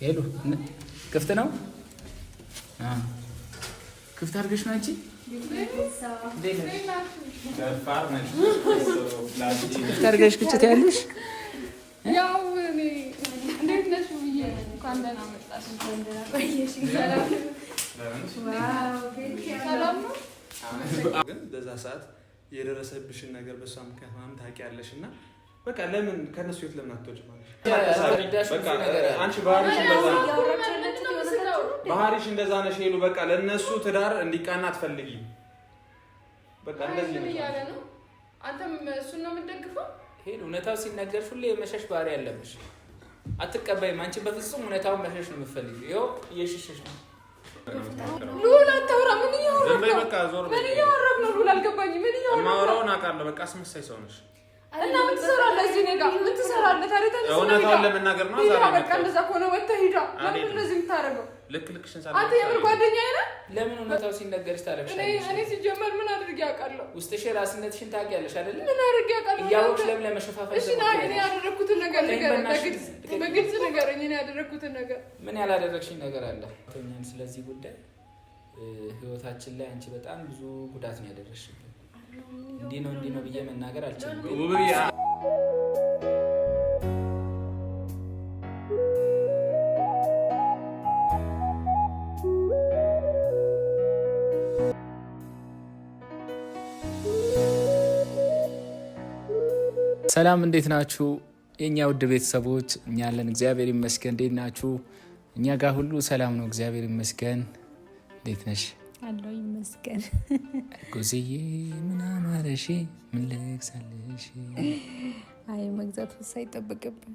ሄሉ ክፍት ነው። ክፍት አድርገሽ ነው አንቺ ክፍት አድርገሽ ግጭት ያለሽ ግን በዛ ሰዓት የደረሰብሽን ነገር በሷ ምክንያት ምናምን ታውቂያለሽ እና በቃ ለምን ከነሱ ቤት ለምን አትወጭ? አንቺ ባህሪሽ እንደዛ ነሽ ሄሉ። በቃ ለነሱ ትዳር እንዲቃና አትፈልጊ። በቃ እንደዚህ ነው። አንተም እሱን ነው የምትደግፈው ሄሉ። እውነታው ሲነገር ሁሌ የመሸሽ ባህሪ ያለብሽ አትቀበይም። አንቺ በፍጹም እውነታውን መሸሽ ነው የምትፈልጊው። ይኸው እየሸሸሽ ነው። ሉል አታውራ። ምን እያወራህ ነው? ምን እያወራህ ነው? ሉል አልገባኝም። ምን እያወራህ ነው? ማውራውን አውቃለሁ። በቃ አስመሳይ ሰው ነሽ እና ምን ትሰራለህ እዚህ እኔ ጋር ምን ትሰራለህ ታዲያ? ተነስ ለመናገር ነው። ሂዳ በቃ እንደዛ ከሆነ ወጥተህ ሂዳ። ለምን እንደዚህ የምታደርገው? ልክ ልክሽን ሳለ አንተ ለምን እውነታው ሲነገርሽ እኔ ሲጀመር ምን አድርጌ አውቃለሁ? ውስጥሽ የራስነትሽን ታውቂያለሽ ምን አድርጌ አውቃለሁ? እያወቅሽ ለምን እሺ ና እኔ ያደረግኩትን ነገር ንገረኝ፣ በግልጽ ንገረኝ። እኔ ያደረግኩትን ነገር ምን ያላደረግሽኝ ነገር አለ? ስለዚህ ጉዳይ ህይወታችን ላይ አንቺ በጣም ብዙ ጉዳት ነው ያደረግሽብን እንዲህ ነው እንዲህ ነው ብዬ መናገር አልችልም። ሰላም እንዴት ናችሁ? የእኛ ውድ ቤተሰቦች እኛ ያለን እግዚአብሔር ይመስገን። እንዴት ናችሁ? እኛ ጋር ሁሉ ሰላም ነው፣ እግዚአብሔር ይመስገን። እንዴት ነሽ? አለው ይመስገን። ጉዝዬ ምን አማረሽ? ምን ልግዛልሽ? አይ መግዛት ሳይጠበቅብን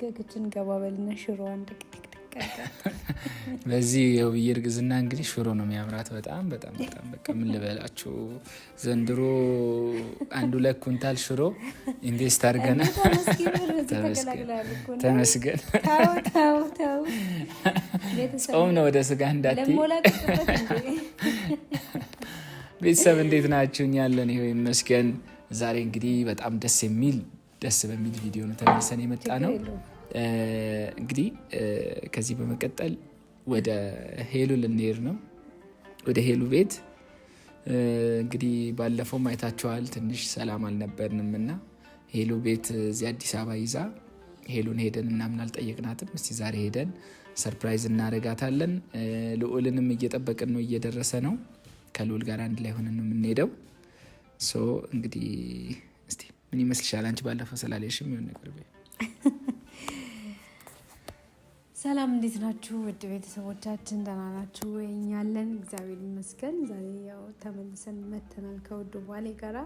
ከክችን ገባበልና ሽሮ አንድ በዚህ የውብዬ እርግዝና እንግዲህ ሽሮ ነው የሚያምራት። በጣም በጣም በጣም በቃ ምን ልበላችሁ፣ ዘንድሮ አንድ ሁለት ኩንታል ሽሮ ኢንቨስት አድርገን ተመስገን። ጾም ነው ወደ ስጋ እንዳት ቤተሰብ እንዴት ናችሁ? ያለን ይኸው ይመስገን። ዛሬ እንግዲህ በጣም ደስ የሚል ደስ በሚል ቪዲዮ ነው ተመልሰን የመጣ ነው። እንግዲህ ከዚህ በመቀጠል ወደ ሄሉ ልንሄድ ነው። ወደ ሄሉ ቤት እንግዲህ ባለፈው አይታችኋል፣ ትንሽ ሰላም አልነበርንም እና ሄሉ ቤት እዚህ አዲስ አበባ ይዛ ሄሉን ሄደን እናምን አልጠየቅናትም። እስቲ ዛሬ ሄደን ሰርፕራይዝ እናደርጋታለን። ልዑልንም እየጠበቅን ነው፣ እየደረሰ ነው። ከልዑል ጋር አንድ ላይ ሆነን ነው የምንሄደው። እንግዲህ እስቲ ምን ይመስልሻል? አንቺ ባለፈው ስላለሽም ይሆን ነገር ሰላም እንዴት ናችሁ? ውድ ቤተሰቦቻችን ደህና ናችሁ? እኛለን እግዚአብሔር ይመስገን። ዛሬ ያው ተመልሰን መተናል ከውዱ ባሌ ጋራ።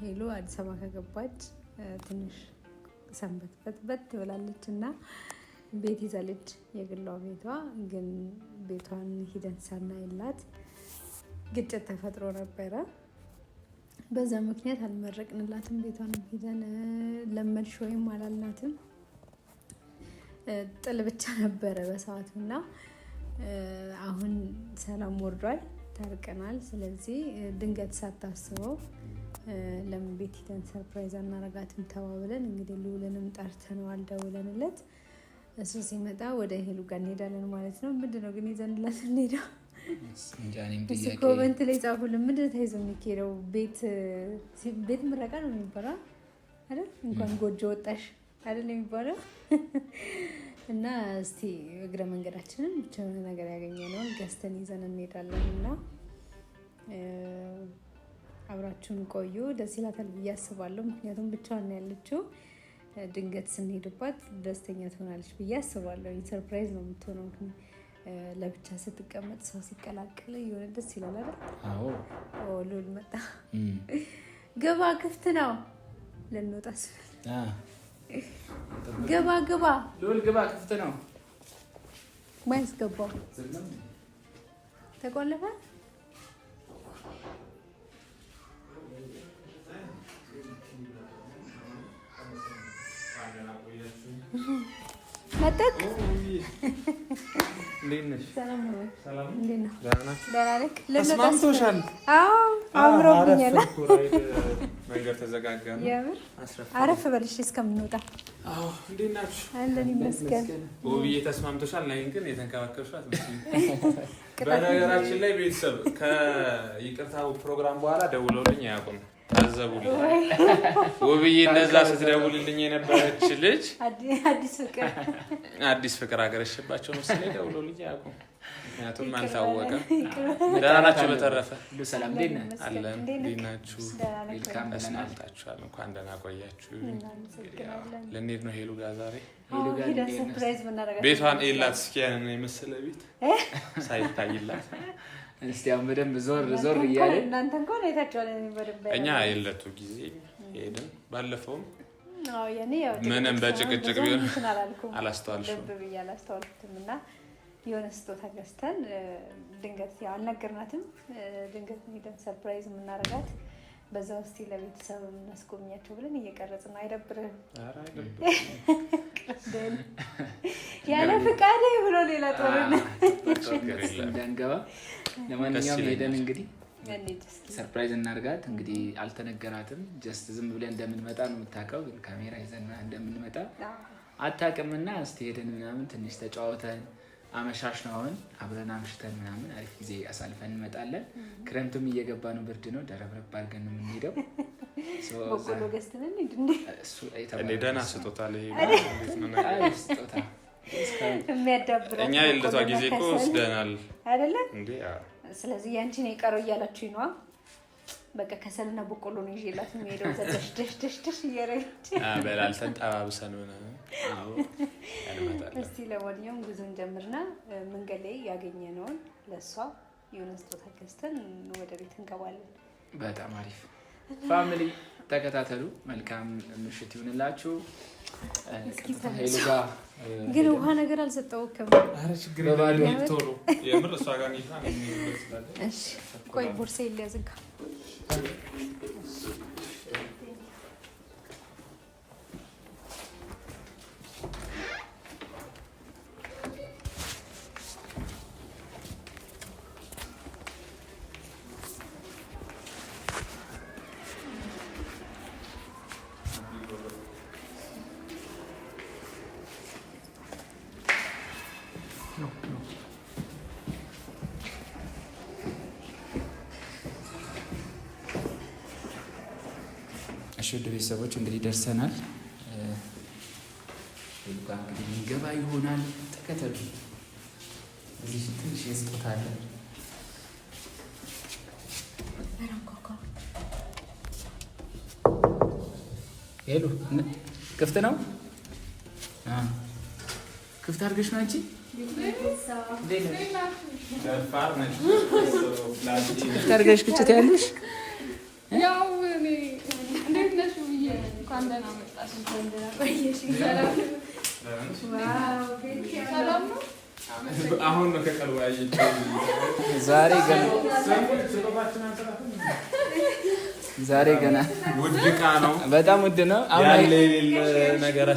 ሄሎ አዲስ አበባ ከገባች ትንሽ ሰንበት በትበት ትብላለች እና ቤት ይዛለች፣ የግሏ ቤቷ ግን ቤቷን ሂደን ሳናይላት ግጭት ተፈጥሮ ነበረ። በዛ ምክንያት አልመረቅንላትም ቤቷንም ሂደን ለመድሽ ወይም አላልናትም ጥል ብቻ ነበረ በሰዓቱ እና አሁን ሰላም ወርዷል፣ ታርቀናል። ስለዚህ ድንገት ሳታስበው ለምን ሂደን ሰርፕራይዝ አናረጋትም ተባብለን እንግዲህ ልውልንም ጠርተነዋል ደውለንለት እሱ ሲመጣ ወደ ሄሉ ጋር እንሄዳለን ማለት ነው። ምንድን ነው ግን ይዘንላት እንሄዳ እሱ ኮመንት ላይ ጻፉልን። ምንድን ነው ተይዞ የሚካሄደው ቤት ምረቃ ነው የሚባለው አይደል? እንኳን ጎጆ ወጣሽ አይደል የሚባለው እና እስቲ እግረ መንገዳችንን ብቻ የሆነ ነገር ያገኘነውን ገዝተን ይዘን እንሄዳለን እና አብራችሁን ቆዩ። ደስ ይላታል ብዬ አስባለሁ። ምክንያቱም ብቻዋን ያለችው ድንገት ስንሄድባት ደስተኛ ትሆናለች ብዬ አስባለሁ። ሰርፕራይዝ ነው የምትሆነው። ለብቻ ስትቀመጥ ሰው ሲቀላቀል የሆነ ደስ ይላል አይደል? መጣ ገባ ክፍት ነው ልንወጣ ግባ ግባ ልውል ግባ። ክፍት ነው። ማን ያስገባው? ተቆለፈ። መጠቅ ተስማምቶሻል? አምሮብኛል። መንገድ ተዘጋጋ። አረፍ በልሽ እስከምንወጣ አለን ይመስገን። ውብዬ ተስማምቶሻል? ግን የተንከባከብሻት በነገራችን ላይ ቤተሰብ ከይቅርታው ፕሮግራም በኋላ ደውለውልኝ አያውቁም። አዘቡልኝ ውብዬ። እነዛ ስትደውልልኝ የነበረች ልጅ አዲስ ፍቅር አገረሽባቸው መሰለኝ ደውሎልኝ አያውቁም። ምክንያቱም አልታወቀም። ደህና ናቸው። በተረፈ አለን ናችሁ ስናልጣችኋል። እንኳን ደህና ቆያችሁ። ልንሄድ ነው ሄሉ ጋር ዛሬ ቤቷን የላት እስኪ ያንን የመሰለ ቤት ሳይታይላት እስቲ አሁን በደንብ ዞር ዞር እያለ እናንተ እንኳን አይታችኋል። እኛ የለቱ ጊዜ ሄድን ባለፈውም ምንም በጭቅጭቅ ቢሆን አላስተዋልሽም ብዬ አላስተዋልኩትም እና የሆነ ስጦታ ገዝተን ድንገት አልነገርናትም። ድንገት ሄደን ሰርፕራይዝ የምናደርጋት በዛ ውስጥ ለቤተሰብ የምናስጎብኛቸው ብለን እየቀረጽ ነው። ያለ ፍቃደ ብሎ ሌላ ጦርነት እንዳንገባ። ለማንኛውም ሄደን እንግዲህ ሰርፕራይዝ እናድርጋት። እንግዲህ አልተነገራትም። ጀስት ዝም ብለን እንደምንመጣ ነው የምታውቀው፣ ግን ካሜራ ይዘና እንደምንመጣ አታውቅምና እስቲ ሄደን ምናምን ትንሽ ተጫወተን አመሻሽ ነው አሁን አብረን አምሽተን ምናምን አሪፍ ጊዜ አሳልፈን እንመጣለን። ክረምቱም እየገባ ነው፣ ብርድ ነው። ደረብረብ አድርገን ነው የምንሄደው። ደህና ስጦታ እኛ የልደቷ ጊዜ ወስደናል ስለዚህ ያንቺን የቀረው እያላችሁ ነዋ በቃ ከሰልና በቆሎ ነው ይዤላት የሚሄደው። ደሽደሽደሽደሽ እያረች በላልተን ጠባብሰን እስቲ ለማንኛውም ጉዞ እንጀምርና መንገድ ላይ ያገኘነውን ለእሷ የሆነ ስጦታ ገዝተን ወደ ቤት እንገባለን። በጣም አሪፍ ፋሚሊ ተከታተሉ። መልካም ምሽት ይሁንላችሁ። ግን ውሃ ነገር አልሰጠውክም። ችግር የምር እሷ ጋር ቆይ ቦርሳ ይለያዝጋ Thank you. ውድ ቤተሰቦች እንግዲህ ደርሰናል። እንግዲህ ምንገባ ይሆናል። ተከተሉ። እዚህ ትንሽ የስጦታ አለ። ሄሎ፣ ክፍት ነው? ክፍት አድርገሽ ነው አንቺ ክፍት አድርገሽ ክችት ያለሽ ዛሬ ገና ዛሬ ገና ውድ ዕቃ ነው፣ በጣም ውድ ነው።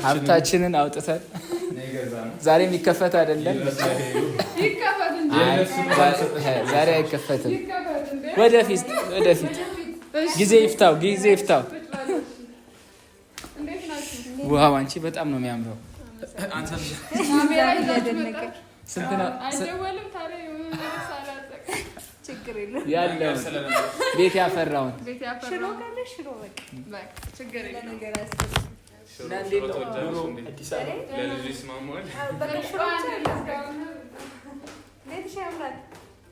ሀብታችንን አውጥተን ዛሬ ይከፈት አይደለም፣ ዛሬ አይከፈትም። ወደፊት ወደፊት ጊዜ ይፍታው፣ ጊዜ ይፍታው። ውሃው አንቺ በጣም ነው የሚያምረው። ያለውን ቤት ያፈራውን ሽሮ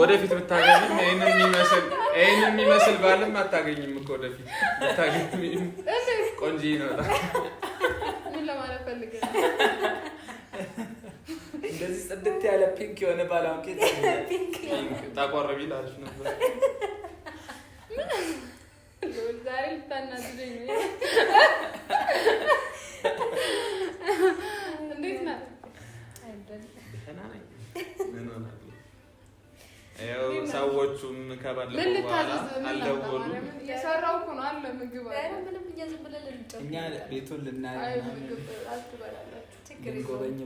ወደፊት ብታገኝም ይህን የሚመስል ይህን የሚመስል ባልም አታገኝም እኮ ወደፊት ብታገኝም ቆንጆ ይመጣል። እንደዚህ ጽድት ያለ ፒንክ የሆነ ባላውቄ ጠቆር ቢል አሪፍ ነበር። እንዴት ናት? ያው ሰዎቹም ከባለፈው በኋላ አልደወሉም። የሰራው እኮ ነው አለ ምግብ እኛ ቤቱን ልናይ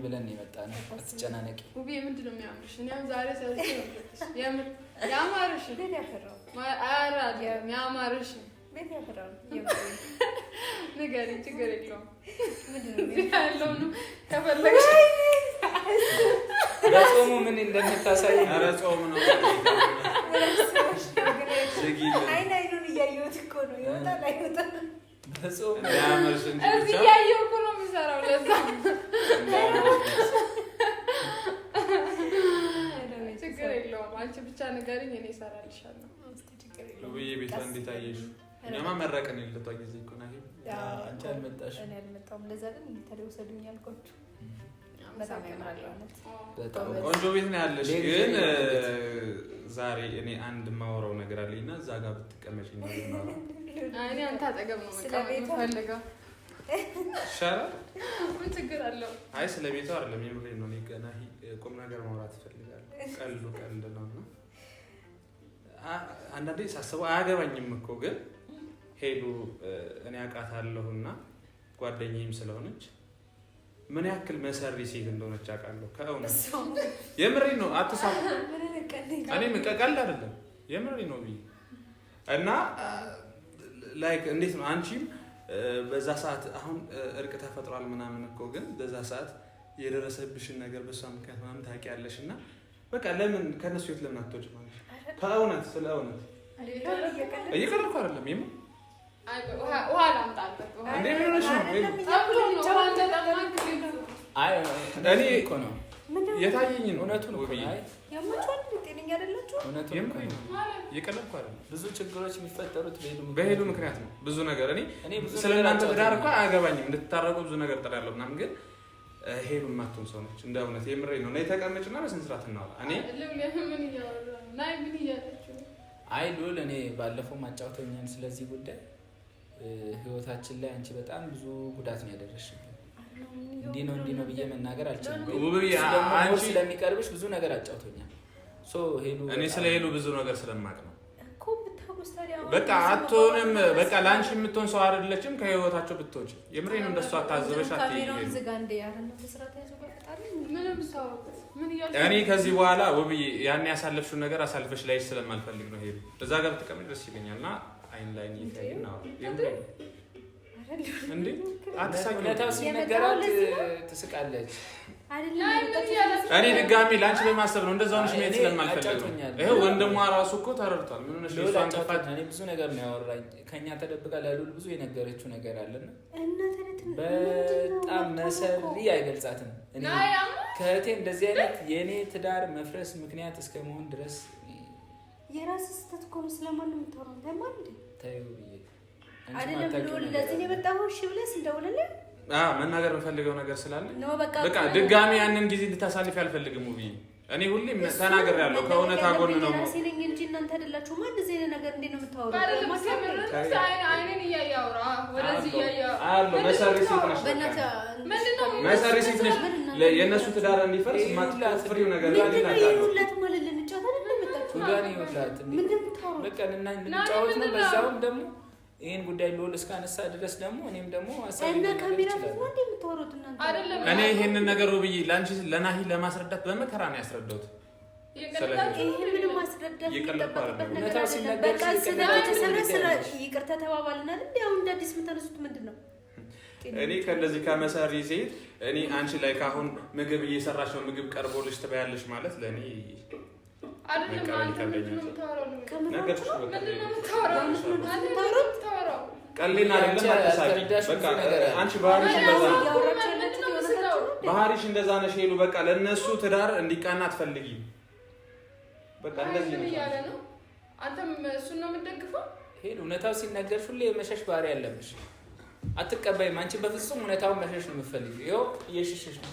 ብለን የመጣ ነው። አትጨናነቂ። ውቤ ምንድን ነው የሚያምርሽ? እኔም ዛሬ ያማርሽ ያማርሽ ንገሪኝ፣ ችግር የለውም። ከፈለግሽ ለጾሙ ምን እንደምታሳይ ኧረ ጾሙ ነው። አይን አይኑን እያየሁት እኮ ነው። ይወጣል አይወጣም። እዚህ እያየሁ እኮ ነው የሚሰራው። ለዛ ችግር የለውም። አንቺ ብቻ ንገሪኝ፣ እኔ እሰራልሻለሁ። ቤቷ እንዴት እኛማ መረቅን የለቷ ጊዜ እኮ አንቺ አልመጣሽም። እኔ አልመጣሁም። ለዛ ግን ተደውሰዱኝ በጣም ቆንጆ ቤት ነው ያለሽ። ግን ዛሬ እኔ አንድ ማውራው ነገር አለኝ እና እዛ ጋር ብትቀመጭ እኔ ነው ፈልገው ስለ ቤቱ አይደለም የምሬ ነው። እኔ ገና ቁም ነገር ማውራት እፈልጋለሁ። ቀሉ ቀልድ ነው እና አንዳንዴ ሳስበው አያገባኝም እኮ ግን ሄዱ እኔ አውቃታለሁ እና ጓደኛዬም ስለሆነች ምን ያክል መሰሪ ሴት እንደሆነች አውቃለሁ። ከእውነት የምሬ ነው። አትሳ እኔ ቀቀልድ አይደለም የምሬ ነው ብዬ እና ላይክ እንዴት ነው አንቺም በዛ ሰዓት አሁን እርቅ ተፈጥሯል ምናምን እኮ ግን በዛ ሰዓት የደረሰብሽን ነገር በሷ ምክንያት ምናምን ታውቂያለሽ እና በቃ ለምን ከነሱ ቤት ለምን አትወጭ ማለት ከእውነት ስለ እውነት እየቀለድኩ አይደለም የምር ውሃ ላምጣልህ። እኔ እኮ ነው የታየኝን እውነቱን የቀለድኩ አይደለም። ብዙ ችግሮች የሚፈጠሩት በሄሉ ምክንያት ነው። ብዙ ነገር እኔ ስለ እናንተ ትዳር እኮ አያገባኝም። እንድትታረቁ ብዙ ነገር ጥሬያለሁ ምናምን ግን ሄሉ የማትሆን ሰው ነች። እንደ እውነት የምሬ ነው። ነይ ተቀመጭና በስንት ስርዓት እናወራ። እኔ አይ ሉል እኔ ባለፈው ማጫወተኛን ስለዚህ ጉዳይ ህይወታችን ላይ አንቺ በጣም ብዙ ጉዳት ነው ያደረሽብን። እንዲህ ነው እንዲህ ነው ብዬ መናገር አልችልም። ስለሚቀርብሽ ብዙ ነገር አጫውቶኛል። እኔ ስለ ሄሉ ብዙ ነገር ስለማቅ ነው በቃ አትሆንም። በቃ ለአንቺ የምትሆን ሰው አይደለችም። ከህይወታቸው ብትሆን የምሬን እንደሱ አታዘበሽ። እኔ ከዚህ በኋላ ውብዬ ያን ያሳለፍሽውን ነገር አሳልፈሽ ላይ ስለማልፈልግ ነው ሄሉ እዛ ጋር ብትቀመጭ ደስ ይለኛል እና አይን ላይ እየተያየን ትስቃለች። እኔ ድጋሚ ለአንቺ በማሰብ ነው እንደዛ ሆነሽ መሄድ ስለማልፈልግ። ይሄ ወንድሟ ራሱ እኮ ተረድቷል። ምን ሆነሽ ብዙ ነገር ነው ያወራኝ። ከእኛ ተደብቃ ለሉል ብዙ የነገረችው ነገር አለና በጣም መሰሪ አይገልጻትም። ከእህቴ እንደዚህ አይነት የእኔ ትዳር መፍረስ ምክንያት እስከ ድረስ የራስ ስህተት እኮ ነው። ለማን ታዩ ብዬ አይደለም ለዚህ ነው መናገር የምፈልገው ነገር ስላለ በቃ ድጋሚ ያንን ጊዜ እንድታሳልፍ አልፈልግም ውብዬ እኔ ሁሌም ተናግሬያለሁ። ከእውነት አጎን ነው ሲለኝ እንጂ እናንተ አይደላችሁ። ማን እዚህ ነገር እንዴት ነው የምታወሩት? የእነሱ ትዳር እንዲፈርስ ማትፈሪው ነገር ምንድን ነው ይህን ጉዳይ ልውል እስካነሳ ድረስ ደግሞ እኔም ደግሞ እኔ ይህንን ነገር ውብዬ ለአንቺ ለናሂ ለማስረዳት በመከራ ነው ያስረዳሁት። ይቅርታ ተባባልናል። አሁን እንደ አዲስ የምታነሱት ምንድን ነው? እኔ ከእንደዚህ ከመሰሪ ሴት እኔ አንቺ ላይ ካሁን ምግብ እየሰራች ነው ምግብ ቀርቦልሽ ትበያለሽ ማለት ለእኔ ቀሌን በቃ ባህሪሽ እንደዛ ነሽ ሄሉ። በቃ ለእነሱ ትዳር እንዲቃና አትፈልጊ። በቃ እንደዚህ ነው። አንተም እሱን ነው የምትደግፈው ሄሉ። እውነታው ሁሌ የመሸሽ ባህሪ ያለብሽ አትቀበይም። አንቺ በፍጹም እውነታውን መሸሽ ነው የምትፈልጊው። ይኸው እየሸሸሽ ነው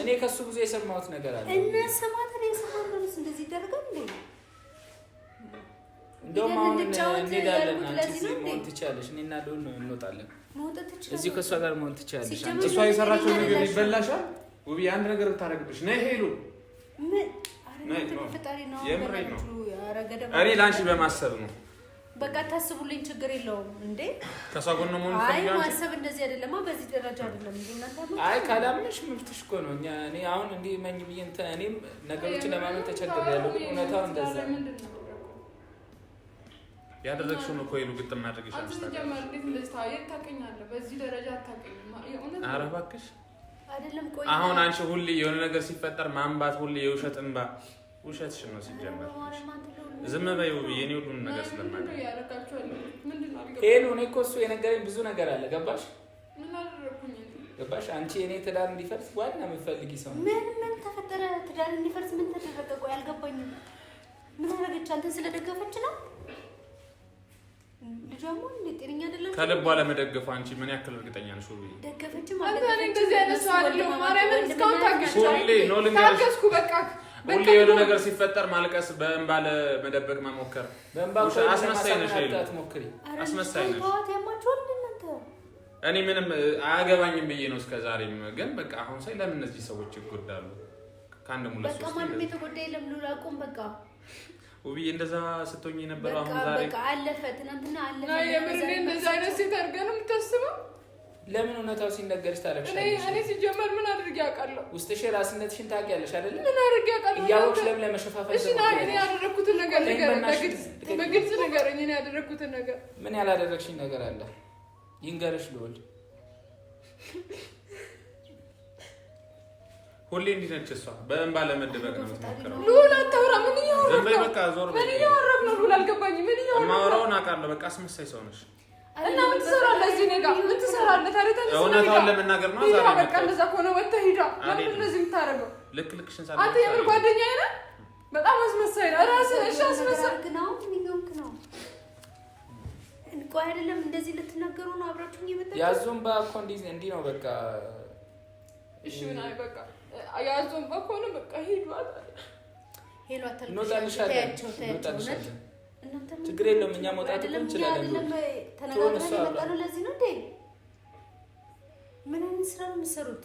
እኔ ከሱ ብዙ የሰማሁት ነገር አለ እና ሰማት ላይ ሰማሁት እንደዚህ ይደረጋል እንዴ? እንደውም አሁን እንሄዳለን። አንቺ እዚህ መሆን ትችያለሽ። እኔ እና ነው እንወጣለን። እዚሁ ከእሷ ጋር መሆን ትችያለሽ። እሷ የሰራቸው ነገር ይበላሻል። ውብዬ አንድ ነገር ብታደርግብሽ ነይ ሄሉ እኔ ለአንቺ በማሰብ ነው በቃ ታስቡልኝ፣ ችግር የለውም እንዴ። ከሷ ጎን ነው አይ ማሰብ እንደዚህ አይደለም፣ በዚህ ደረጃ አይደለም እንዴ እናንተ። አይ ካላምንሽ መብትሽ እኮ ነው። እኛ እኔ አሁን እንዴ መኝ ብዬ እንትን እኔም ነገሮችን ለማመን ተቸግሬያለሁ። እውነታው እንደዛ ያደረግሽውን እኮ ይሉ ግጥም ማድረግ ይሻል። በዚህ ደረጃ አታውቅኝም። ኧረ እባክሽ አሁን አንቺ ሁሌ የሆነ ነገር ሲፈጠር ማንባት፣ ሁሌ የውሸት እንባ ውሸትሽ ነው ሲጀመር ዝም በይ ውብዬ፣ እኔ ሁሉን ነገር ስለማውቅ ሄሉ። እኔ እኮ እሱ የነገረኝ ብዙ ነገር አለ። ገባሽ ገባሽ? አንቺ የኔ ትዳር እንዲፈርስ ዋና የምትፈልጊ ሰው ምን ምን ተፈጠረ? ትዳር እንዲፈርስ ምን ተደረገ? ቆይ አልገባኝም። ምን አደረገች? አንተን ስለደገፈች ነው ልጇሞ ጤነኛ አይደለም። ከልቧ አንቺ ምን ያክል እርግጠኛ ነሽ? ደገፈች ማለት ነው። እንደዚህ አይነት ሰው አይደለሁም። ማርያምን እስካሁን ታገስኩ፣ በቃ ሁሌ የሆነ ነገር ሲፈጠር ማልቀስ፣ በእንባ ለመደበቅ መሞከር። አስመሳይ ነሽ አስመሳይ እኔ ምንም አያገባኝም ብዬ ነው እስከዛሬ ግን በቃ አሁን ሳይ ለምን እነዚህ ሰዎች ይጎዳሉ? ከአንድ ሙለት ሶስት ማንም የተጎዳ የለም። ሉላ ቁም በቃ ውብዬ እንደዛ ስትሆኝ የነበረው አሁን ዛሬ አለፈ። ትናንትና አለፈ። የምር እንደዛ አይነት ሴት አድርገህ የምታስበው ለምን እውነታው ሲነገር ታለቅሻለሽ? ሲጀመር ምን አድርጌ አውቃለሁ? ውስጥሽ የራስነትሽን ታውቂያለሽ አይደል? ምን አድርጌ አውቃለሁ? እያወቅሽ ለምን ለመሸፋፈል? ያደረግኩትን ነገር ንገረኝ፣ በግልጽ ንገረኝ። እኔ ያደረግኩትን ነገር ምን ያላደረግሽኝ ነገር አለ? ይንገርሽ ልወልድ ሁሌ እንዲህ ነች እሷ። በእንባ ለመደበቅ ነው የምትሞክረው። ልዑል አታውራ። ምን እያወራህ ነው? ምን እያወራህ አልገባኝም። ምን እያወራህ ነው? ማውራውን አውቃለሁ። በቃ አስመሳይ ሰው ነሽ። እና ምን ትሰራለህ እዚህ እኔ ጋር ምን ትሰራለህ? ታዲያ ተነስ እውነታውን ለመናገር ነው። ዛሬ በቃ እንደዛ ከሆነ ወጥተህ ሂድ። ለምንድን ነው የምታደርገው? ልክ ልክሽን ሳልል አንተ የምር ጓደኛዬ ነህ። በጣም አስመሳይ ነው እራስህ። እሺ አስመሳይ ነው ነው እንኳ አይደለም እንደዚህ ልትናገሩ ነው አብራችሁ እየመጣችሁ ያዙን በአኮ እንዲህ ነው በቃ እሺ ምን አይ በቃ ያዙን በኮ በቃ ሂዱ። አታ ሄሎ አታ ነው ታያቸው ችግር የለም እኛ መውጣት እኮ እንችላለን። ተነጋግረን የመጣነው ለዚህ ነው ምን አይነት ስራ ነው የምትሰሩት?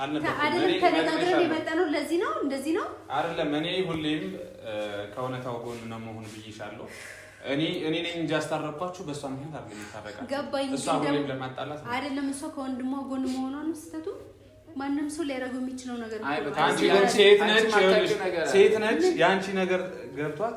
ተነጋግረን የመጣነው ለዚህ ነው እንደዚህ ነው አይደለም። እኔ ሁሌም ከእውነታው ጎን ነው መሆን ብዬሻለሁ። እኔ እኔ ነኝ እንጂ አስታረኳችሁ በእሷ ምክንያት አይደለም የታረቃችሁ። ገባኝ። እሷ ሁሌም ለማጣላት አይደለም እሷ ከወንድሟ ጎን መሆኗን ስተቱ ማንም ሰው ሊያደርገው የሚችለው ነገር ሴት ነች፣ ሴት ነች። የአንቺ ነገር ገብቷት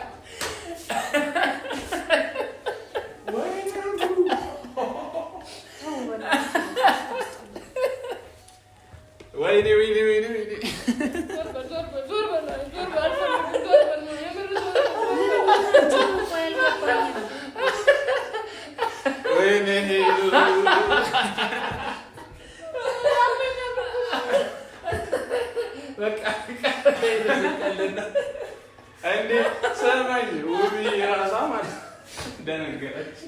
Haydi haydi haydi haydi. ደነገረች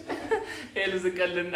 ሄል ዝቀልና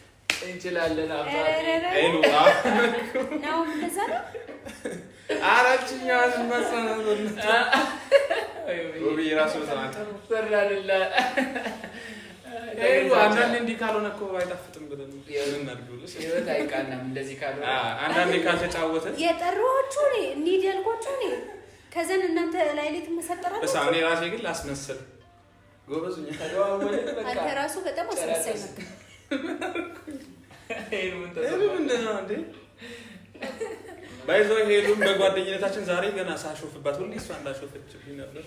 እንችላለን። አንዳንዴ እንዲህ ካልሆነ እኮ አይጣፍጥም ብለን አንዳንዴ ካልተጫወተ የጠራኋችሁ እንሂድ ያልኳችሁ ከዘን እናንተ ላይ ላይ ትመሰጠራለህ። እሳ እኔ ራሴ ግን ላስመስል ጎበዝ፣ አንተ ራሱ በጣም አስመሳይ ነበር። ባይዞ ሄሉን በጓደኝነታችን ዛሬ ገና ሳሾፍባት ሁሌ እሷ እንዳሾፈች ነበር።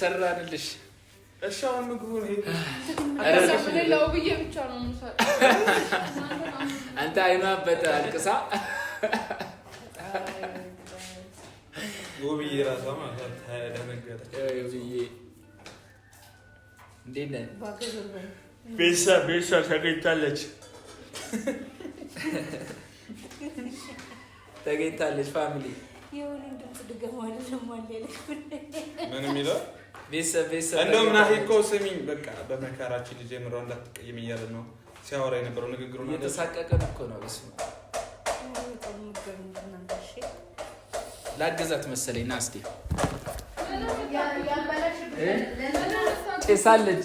ሰራንልሽ። እሺ አሁን ምግቡን ብዬ ብቻ ነው አንተ አይኗ አልቅሳ ውብዬ ራሷ ማለት ውብዬ እንዴት ነህ? ቤሳ ቤሳ ተገኝታለች ተገኝታለች። ፋሚሊ ምን የሚለው እንደውም ናሂ እኮ ስሚኝ፣ በቃ በመከራችን ልጅ የምረው እንዳትቀይም እያለ ነው ሲያወራ የነበረው ንግግሩ የተሳቀቀ እኮ ነው። እሱ ላገዛት መሰለኝ ና ጭሳለች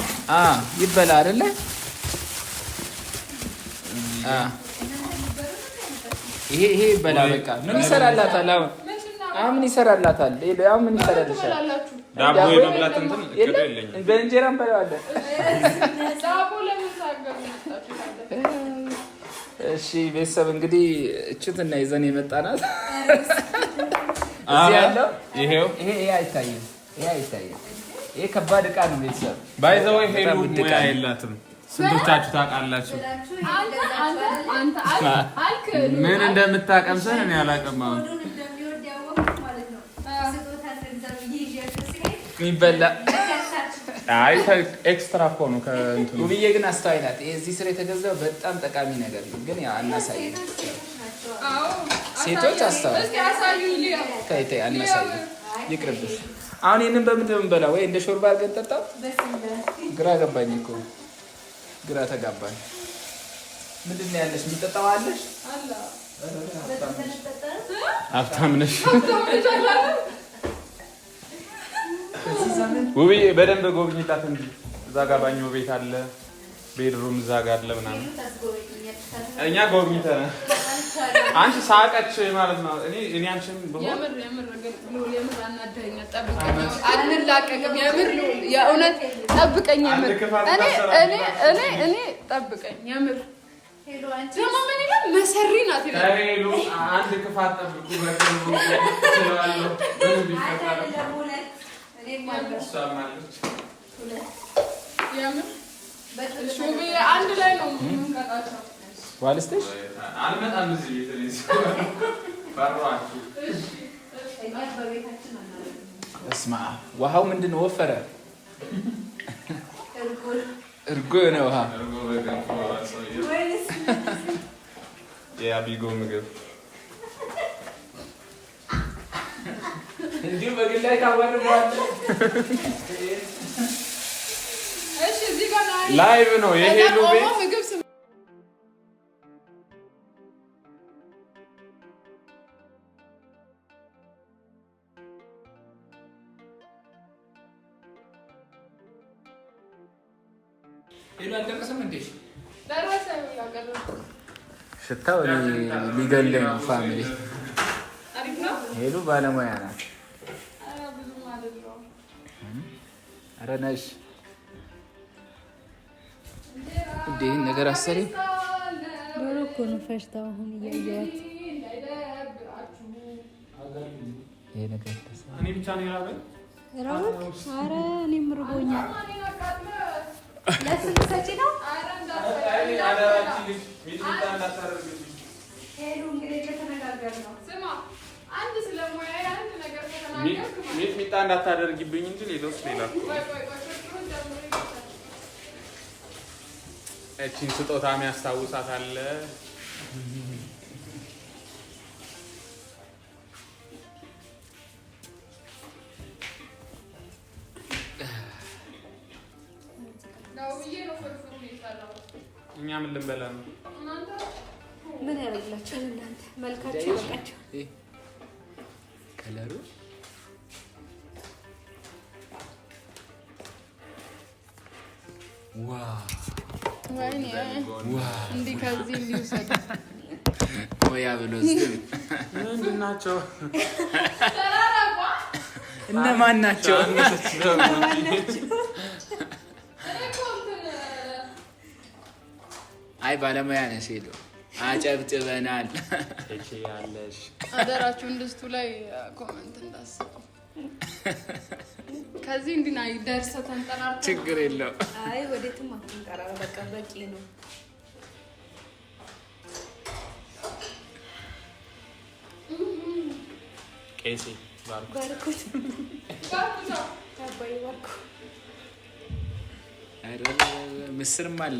ይበላ አይደለ? ይሄ ይሄ ይበላ። በቃ ምን ይሰራላታል? አሁን ምን ይሰራላታል? አሁን ምን ይሰራልሻል? ዳቦ የመብላት እንትን በእንጀራ እንበላዋለን። እሺ ቤተሰብ እንግዲህ እና ይዘን የመጣናት ይሄው ይሄ አይታይም፣ ይሄ አይታይም ይሄ ከባድ እቃ ነው። ቤተሰብ ወይ ሄዱ ሙያ የላትም። ስንቶቻችሁ ታውቃላችሁ? ምን እንደምታቀምሰን እኔ አላውቅም። አሁን የሚበላ አይ ኤክስትራ እኮ ነው ከእንትኑ። ውብዬ ግን አስተዋይ ናት። እዚህ ስር የተገዛው በጣም ጠቃሚ ነገር ነው፣ ግን ያው አናሳይ ሴቶች አስተዋይ አናሳይ ይቅርብሽ አሁን ይህንን በምንድን በላ ወይ እንደ ሾርባ አድርገን ጠጣ። ግራ ገባኝ እኮ ግራ ተጋባኝ። ምንድን ነው ያለሽ? የሚጠጣው አለሽ? ሀብታም ነሽ ውብዬ። በደንብ ጎብኝታት እንጂ እዛ ጋር ባኞ ቤት አለ፣ ቤድሩም እዛ ጋር አለ ምናምን እኛ ጎብኝተናል። አንቺ ሳቀች ማለት ነው። እኔ እኔ አንቺን አናደኛ አንላቀቅም። የምር የእውነት ጠብቀኝ፣ የምር እኔ እኔ እኔ እኔ ጠብቀኝ፣ የምር ደግሞ ምን ይላል መሰሪ ናት ይላል። አንድ ክፋት ጠብቁ አንድ ላይ ነው والستش على مدى المزيد فرعك اسمع وهو من دن وفره ارقونا وها يا ابي قوم قف ديما قلت لك اول مره ايش زيغا لايف لايف نو يهيلو بيت መታው ሊገለኝ ነው። ፋሚሊ ሄሉ ባለሙያ ናት። ኧረ ነሽ እንደ ነገር አሰሪ ዶሮ እኮ ነው ፈሽታ አሁን እያየኋት ይሄ ነገር እኔ ብቻ ነው የራበኝ። ኧረ እኔም ርቦኛል። ሰጪ ነው ነገር ነው። ስማ አንድ ስለሙያዬ አንድ ነገር ከተናገርክ ሚጣ እንዳታደርጊብኝ እንጂ ሌሎች ሌላ እቺን ስጦታ የሚያስታውሳት አለ። እኛ ምን ልንበላ ነው? ምን ያደርግላችሁ እናንተ መልካቸው ይበቃቸው። ከለሩ እንዲህ ከዚህ እንዲውሰድ ቆያ ብሎ ምንድን ናቸው? እነማን ናቸው? አይ ባለሙያ ነው ሴሎ አጨብጭበናል። ያለሽ አደራችሁ እንድስቱ ላይ ኮመንት እንዳስቡ። ከዚህ እንዲና ደርሰ ተንጠራር ችግር የለው። አይ ወዴትም አትንጠራራ፣ በቃ በቂ ነው። ቄሴ ባርኩት ባርኩት ባርኩት፣ ምስርም አለ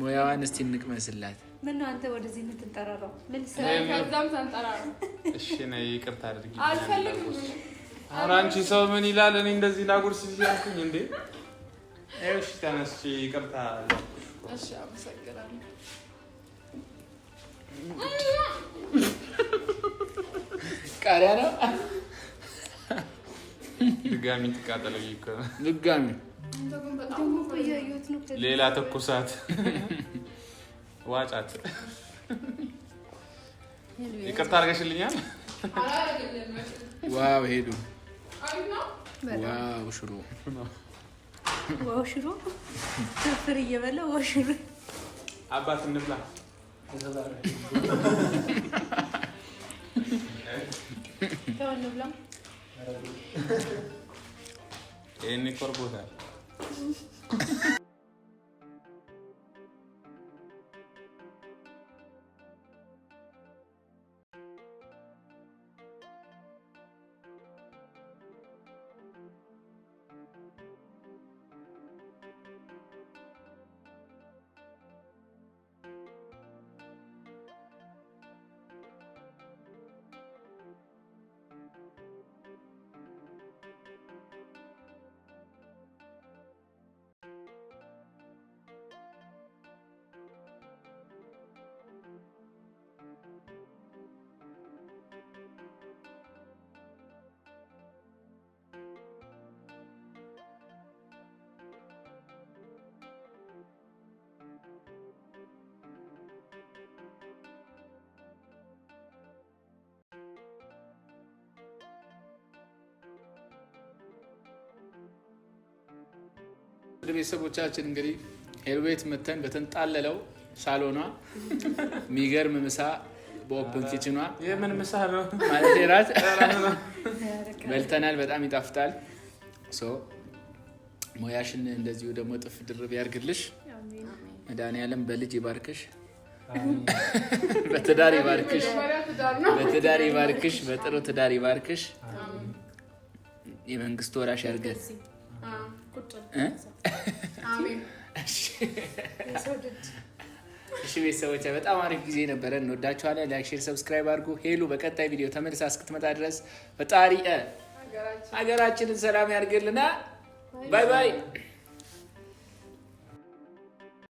ሙያዋን እስቲ እንቅመስላት። ምን አንተ ወደዚህ የምትጠራራው? ምን እሺ ይቅርታ አድርጊ። አልፈልግም። አንቺ ሰው ምን ይላል? እኔ እንደዚህ ሲያልኩኝ እንዴ! እሺ ይቅርታ። እሺ አመሰግናለሁ። ቃሪያ ነው ድጋሚ ድጋሚ ሌላ ትኩሳት ዋጫት። ይቅርታ አድርገሽልኛል። ዋው ሄዱ ዋው ሽሮ ዋው ሽሮ ፍርፍር እየበላ ዋው ሽሮ አባት እንብላ ይህን ይቆርቦታል። ごめんなさい。ወደ ቤተሰቦቻችን እንግዲህ ሄልቤት መተን በተንጣለለው ሳሎኗ የሚገርም ምሳ በኦፕን ኪችኗ የምን ምሳ ነው ማለት ራት በልተናል። በጣም ይጣፍጣል። ሙያሽን እንደዚሁ ደግሞ ጥፍ ድርብ ያርግልሽ። መድኃኒዓለም በልጅ ይባርክሽ፣ በትዳር ይባርክሽ፣ በትዳር ይባርክሽ፣ በጥሩ ትዳር ይባርክሽ። የመንግስት ወራሽ ያርገን። እሺ ቤተሰቦች በጣም አሪፍ ጊዜ ነበረ። እንወዳችኋለን። ላይክ፣ ሼር፣ ሰብስክራይብ አድርጉ። ሄሉ በቀጣይ ቪዲዮ ተመልሳ እስክትመጣ ድረስ ፈጣሪ ሀገራችንን ሰላም ያድርግልና ባይ ባይ።